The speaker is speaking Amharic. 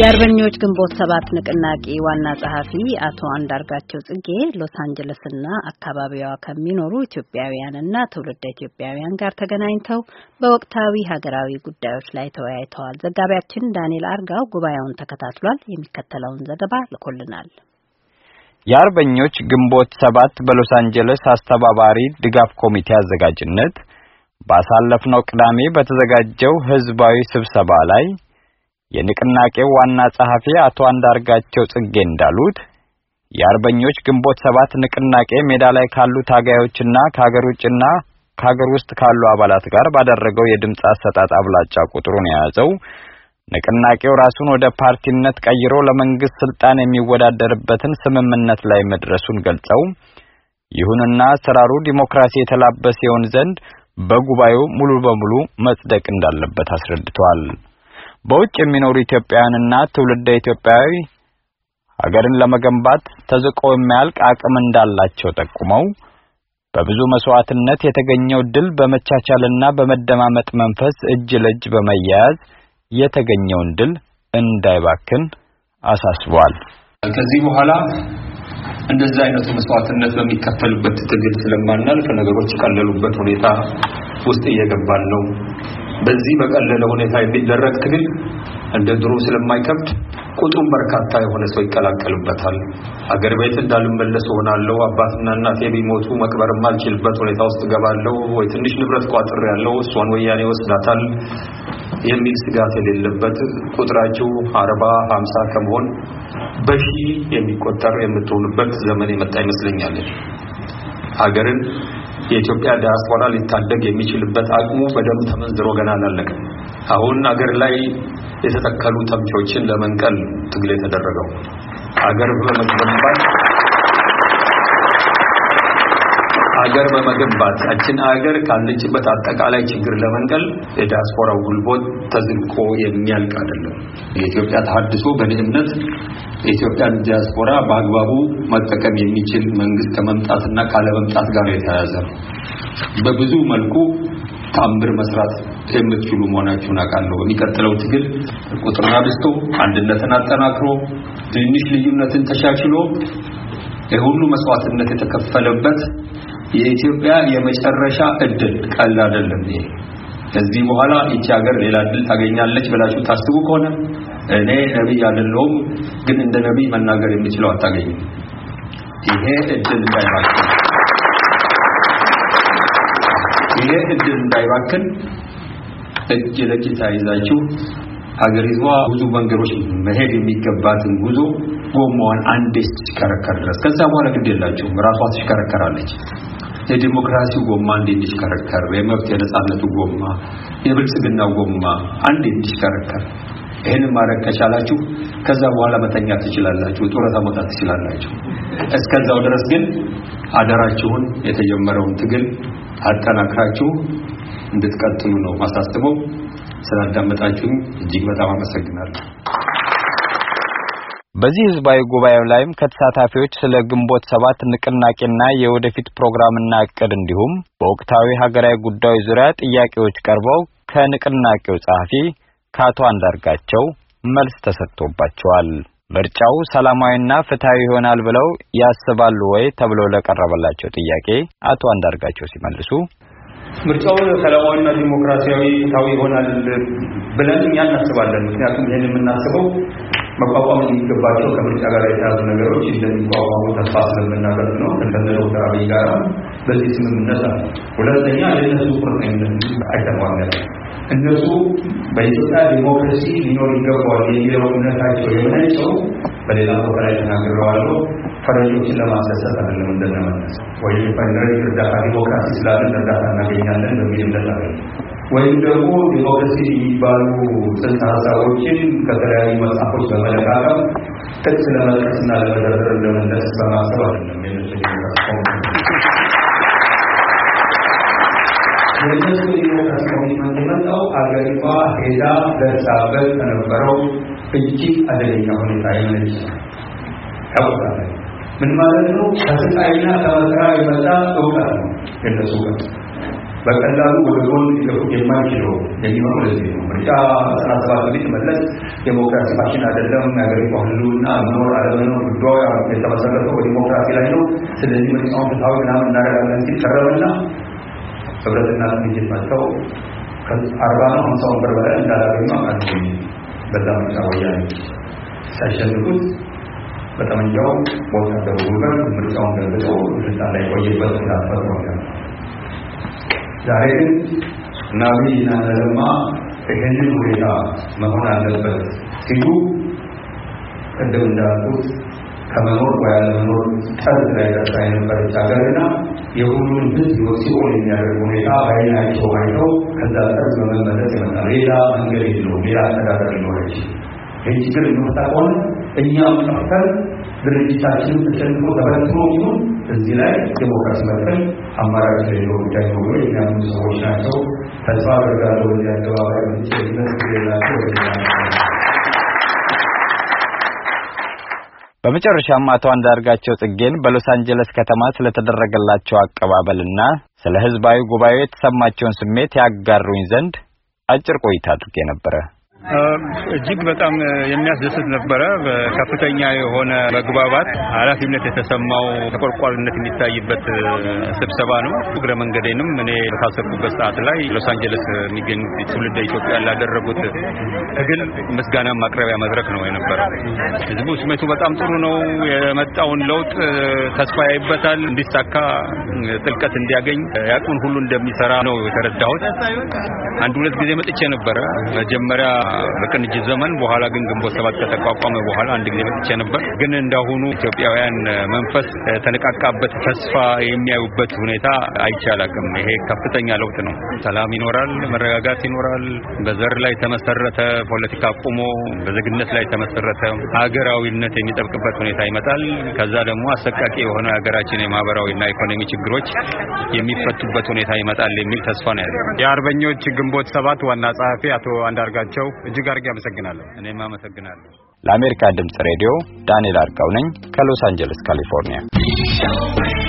የአርበኞች ግንቦት ሰባት ንቅናቄ ዋና ጸሐፊ አቶ አንዳርጋቸው ጽጌ ሎስ አንጀለስና አካባቢዋ ከሚኖሩ ኢትዮጵያውያንና ትውልደ ኢትዮጵያውያን ጋር ተገናኝተው በወቅታዊ ሀገራዊ ጉዳዮች ላይ ተወያይተዋል። ዘጋቢያችን ዳንኤል አርጋው ጉባኤውን ተከታትሏል። የሚከተለውን ዘገባ ልኮልናል። የአርበኞች ግንቦት ሰባት በሎስ አንጀለስ አስተባባሪ ድጋፍ ኮሚቴ አዘጋጅነት ባሳለፍነው ቅዳሜ በተዘጋጀው ህዝባዊ ስብሰባ ላይ የንቅናቄው ዋና ጸሐፊ አቶ አንዳርጋቸው ጽጌ እንዳሉት የአርበኞች ግንቦት ሰባት ንቅናቄ ሜዳ ላይ ካሉ ታጋዮችና ከሀገር ውጭና ከሀገር ውስጥ ካሉ አባላት ጋር ባደረገው የድምፅ አሰጣጥ አብላጫ ቁጥሩን የያዘው ንቅናቄው ራሱን ወደ ፓርቲነት ቀይሮ ለመንግስት ስልጣን የሚወዳደርበትን ስምምነት ላይ መድረሱን ገልጸው ይሁንና አሰራሩ ዲሞክራሲ የተላበሰ ይሆን ዘንድ በጉባኤው ሙሉ በሙሉ መጽደቅ እንዳለበት አስረድቷል። በውጭ የሚኖሩ ኢትዮጵያውያንና ትውልደ ኢትዮጵያዊ ሀገርን ለመገንባት ተዝቆ የማያልቅ አቅም እንዳላቸው ጠቁመው በብዙ መስዋዕትነት የተገኘው ድል በመቻቻልና በመደማመጥ መንፈስ እጅ ለእጅ በመያያዝ የተገኘውን ድል እንዳይባክን አሳስቧል። ከዚህ በኋላ እንደዚህ አይነቱ መስዋዕትነት በሚከፈልበት ትግል ስለማናልፍ ነገሮች ቀለሉበት ሁኔታ ውስጥ እየገባን ነው። በዚህ በቀለለ ሁኔታ የሚደረግ ትግል እንደ ድሮ ስለማይከብድ ቁጥሩም በርካታ የሆነ ሰው ይቀላቀልበታል። አገር ቤት እንዳልመለስ ሆናለሁ፣ አባትና እናቴ ቢሞቱ መቅበር የማልችልበት ሁኔታ ውስጥ ገባለሁ፣ ወይ ትንሽ ንብረት ቋጥር ያለው እሷን ወያኔ ወስዳታል፣ የሚል ስጋት የሌለበት ቁጥራቸው አርባ ሀምሳ ከመሆን በሺ የሚቆጠር የምትሆንበት ዘመን የመጣ ይመስለኛል። ሀገርን የኢትዮጵያ ዲያስፖራ ሊታደግ የሚችልበት አቅሙ በደንብ ተመንዝሮ ገና አላለቀም። አሁን አገር ላይ የተተከሉ ተምቾችን ለመንቀል ትግል የተደረገው አገር በመገንባት አገር በመገንባት ያችን አገር ካለችበት አጠቃላይ ችግር ለመንቀል የዲያስፖራው ጉልቦት ተዝልቆ የሚያልቅ አይደለም። የኢትዮጵያ ተሀድሶ በድህነት የኢትዮጵያን ዲያስፖራ በአግባቡ መጠቀም የሚችል መንግስት ከመምጣትና ካለመምጣት ጋር የተያያዘ ነው። በብዙ መልኩ ታምር መስራት የምትችሉ መሆናችሁን አውቃለሁ። የሚቀጥለው ትግል ቁጥር አብዝቶ አንድነትን አጠናክሮ ትንሽ ልዩነትን ተሻችሎ የሁሉ መስዋዕትነት የተከፈለበት የኢትዮጵያ የመጨረሻ እድል ቀል አይደለም። ይሄ ከዚህ በኋላ ይቺ ሀገር ሌላ እድል ታገኛለች ብላችሁ ታስቡ ከሆነ እኔ ነቢይ አይደለሁም፣ ግን እንደ ነቢይ መናገር የምችለው አታገኝም። ይሄ እድል እንዳይባክን ይሄ እድል እንዳይባክን እጅ ለእጅ ተያይዛችሁ ሀገሪቷ ብዙ መንገዶች መሄድ የሚገባትን ጉዞ ጎማዋን አንዴ ስትሽከረከር ድረስ ከዛ በኋላ ግድ የላችሁም ራሷ ትሽከረከራለች። የዲሞክራሲ ጎማ እንዴ እንዲሽከረከር፣ የመብት የነጻነቱ ጎማ፣ የብልጽግናው ጎማ አንዴ እንዲሽከረከር። ይሄንን ማድረግ ከቻላችሁ ከዛ በኋላ መተኛት ትችላላችሁ፣ ጡረታ መውጣት ትችላላችሁ። እስከዛው ድረስ ግን አደራችሁን የተጀመረውን ትግል አጠናክራችሁ እንድትቀጥሉ ነው ማሳስበው። ስላዳመጣችሁኝ እጅግ በጣም አመሰግናለሁ። በዚህ ህዝባዊ ጉባኤ ላይም ከተሳታፊዎች ስለ ግንቦት ሰባት ንቅናቄና የወደፊት ፕሮግራምና እቅድ እንዲሁም በወቅታዊ ሀገራዊ ጉዳዮች ዙሪያ ጥያቄዎች ቀርበው ከንቅናቄው ጸሐፊ ከአቶ አንዳርጋቸው መልስ ተሰጥቶባቸዋል። ምርጫው ሰላማዊና ፍትሐዊ ይሆናል ብለው ያስባሉ ወይ ተብሎ ለቀረበላቸው ጥያቄ አቶ አንዳርጋቸው ሲመልሱ ምርጫው ሰላማዊና ዲሞክራሲያዊ ፍትሐዊ ይሆናል ብለን እኛ እናስባለን። ምክንያቱም ይህን የምናስበው መቋቋም የሚገባቸው ከምርጫ ጋር የተያዙ ነገሮች እንደሚቋቋሙ ተስፋ ስለምናደርግ ነው። ከዘለ ዶክተር አብይ ጋር በዚህ ስምምነት አለ። ሁለተኛ ለእነሱ ቁርጠኝነት አይተሟለን። እነሱ በኢትዮጵያ ዲሞክራሲ ሊኖር ይገባዋል የሚለው እምነታቸው የመነጨው በሌላ ቦታ ላይ ተናግረዋሉ። ፈረንጆችን ለማስደሰት አይደለም እንደናመለስ ወይም ፈረንጅ እርዳታ ዲሞክራሲ ስላለን እርዳታ እናገኛለን በሚል እንደናገኝ ወይም ደግሞ ዲሞክራሲ የሚባሉ ጽንሰ ሀሳቦችን ከተለያዩ መጽሐፎች በመለቃቀም ጥቅስ ለመጥቀስ እና ለመደርደር እንደመለስ በማሰብ አይደለም የእነሱ ዲሞክራሲ ኮሚትመንት የመጣው አገሪቷ ሄዳ ደርሳበት ከነበረው እጅግ አደገኛ ሁኔታ የሚልስ ነው። ያወጣለ ምን ማለት ነው? ከስቃይና ከመከራ የመጣ እውቀት ነው የነሱ እውቀት በቀላሉ ወደ ጎን ሊገፉት የማይችለው የሚሆነው ለዚህ ነው። ምርጫ ዘጠና ሰባት ቢመለስ ዴሞክራሲያችን አይደለም የሀገሪቷ ህልውና መኖር አለመኖር ጉዳዩ የተመሰረተው በዲሞክራሲ ላይ ነው። ስለዚህ ምርጫውን ፍትሐዊ ምናምን እናደርጋለን ሲል ቀረበና ህብረትና ቅንጅት መጥተው ከአርባ ነው ሀምሳ ወንበር በላይ እንዳላገኙ አቃት bertanggungjawab. Session tersebut bertanggungjawab bukan berhubungan bersama dengan berhubungan tentang lagi bersama bersama. Jadi nabi dan lama sehingga mereka mengenal dapat sibuk dan dapat ከመኖር ወያለመኖር ጠርዝ ላይ ደርሳ የነበረች ሀገርና የሁሉን ሕዝብ ሲኦል የሚያደርግ ሁኔታ በዓይናቸው አይተው ከዛ ጠርዝ በመመለስ ይመጣ ሌላ መንገድ የለውም። ሌላ አስተዳደር ሊኖረች ይህ ችግር የሚመጣ ከሆነ እኛም ጠፍተን ድርጅታችን ተሸንፎ ተበትኖ ቢሆን እዚህ ላይ ዴሞክራሲ መጠን አማራጭ ለሌለው ጉዳይ ነው የሚያምኑ ሰዎች ናቸው። ተስፋ አደርጋለሁ እዚህ አደባባይ ምንጭ ሌላ በመጨረሻም አቶ አንዳርጋቸው ጽጌን በሎስ አንጀለስ ከተማ ስለተደረገላቸው አቀባበልና ስለ ህዝባዊ ጉባኤው የተሰማቸውን ስሜት ያጋሩኝ ዘንድ አጭር ቆይታ አድርጌ ነበረ። እጅግ በጣም የሚያስደስት ነበረ። ከፍተኛ የሆነ መግባባት፣ ኃላፊነት የተሰማው ተቆርቋሪነት የሚታይበት ስብሰባ ነው። እግረ መንገዴንም እኔ በታሰርኩበት ሰዓት ላይ ሎስ አንጀለስ የሚገኙ ትውልደ ኢትዮጵያ ላደረጉት እግል ምስጋና ማቅረቢያ መድረክ ነው የነበረ። ህዝቡ ስሜቱ በጣም ጥሩ ነው። የመጣውን ለውጥ ተስፋ ያይበታል፣ እንዲሳካ ጥልቀት እንዲያገኝ ያቁን ሁሉ እንደሚሰራ ነው የተረዳሁት። አንድ ሁለት ጊዜ መጥቼ ነበረ መጀመሪያ በቅንጅት ዘመን በኋላ ግን ግንቦት ሰባት ከተቋቋመ በኋላ አንድ ጊዜ መጥቼ ነበር። ግን እንዳሁኑ ኢትዮጵያውያን መንፈስ ተነቃቃበት፣ ተስፋ የሚያዩበት ሁኔታ አይቻላቅም። ይሄ ከፍተኛ ለውጥ ነው። ሰላም ይኖራል፣ መረጋጋት ይኖራል። በዘር ላይ ተመሰረተ ፖለቲካ ቁሞ በዜግነት ላይ ተመሰረተ ሀገራዊነት የሚጠብቅበት ሁኔታ ይመጣል። ከዛ ደግሞ አሰቃቂ የሆነ ሀገራችን ና ኢኮኖሚ ችግሮች የሚፈቱበት ሁኔታ ይመጣል የሚል ተስፋ ነው ያለ የአርበኞች ግንቦት ሰባት ዋና ጸሐፊ አቶ አንዳርጋቸው እጅግ አድርጌ አመሰግናለሁ። እኔም አመሰግናለሁ። ለአሜሪካ ድምፅ ሬዲዮ ዳንኤል አርጋው ነኝ ከሎስ አንጀለስ ካሊፎርኒያ።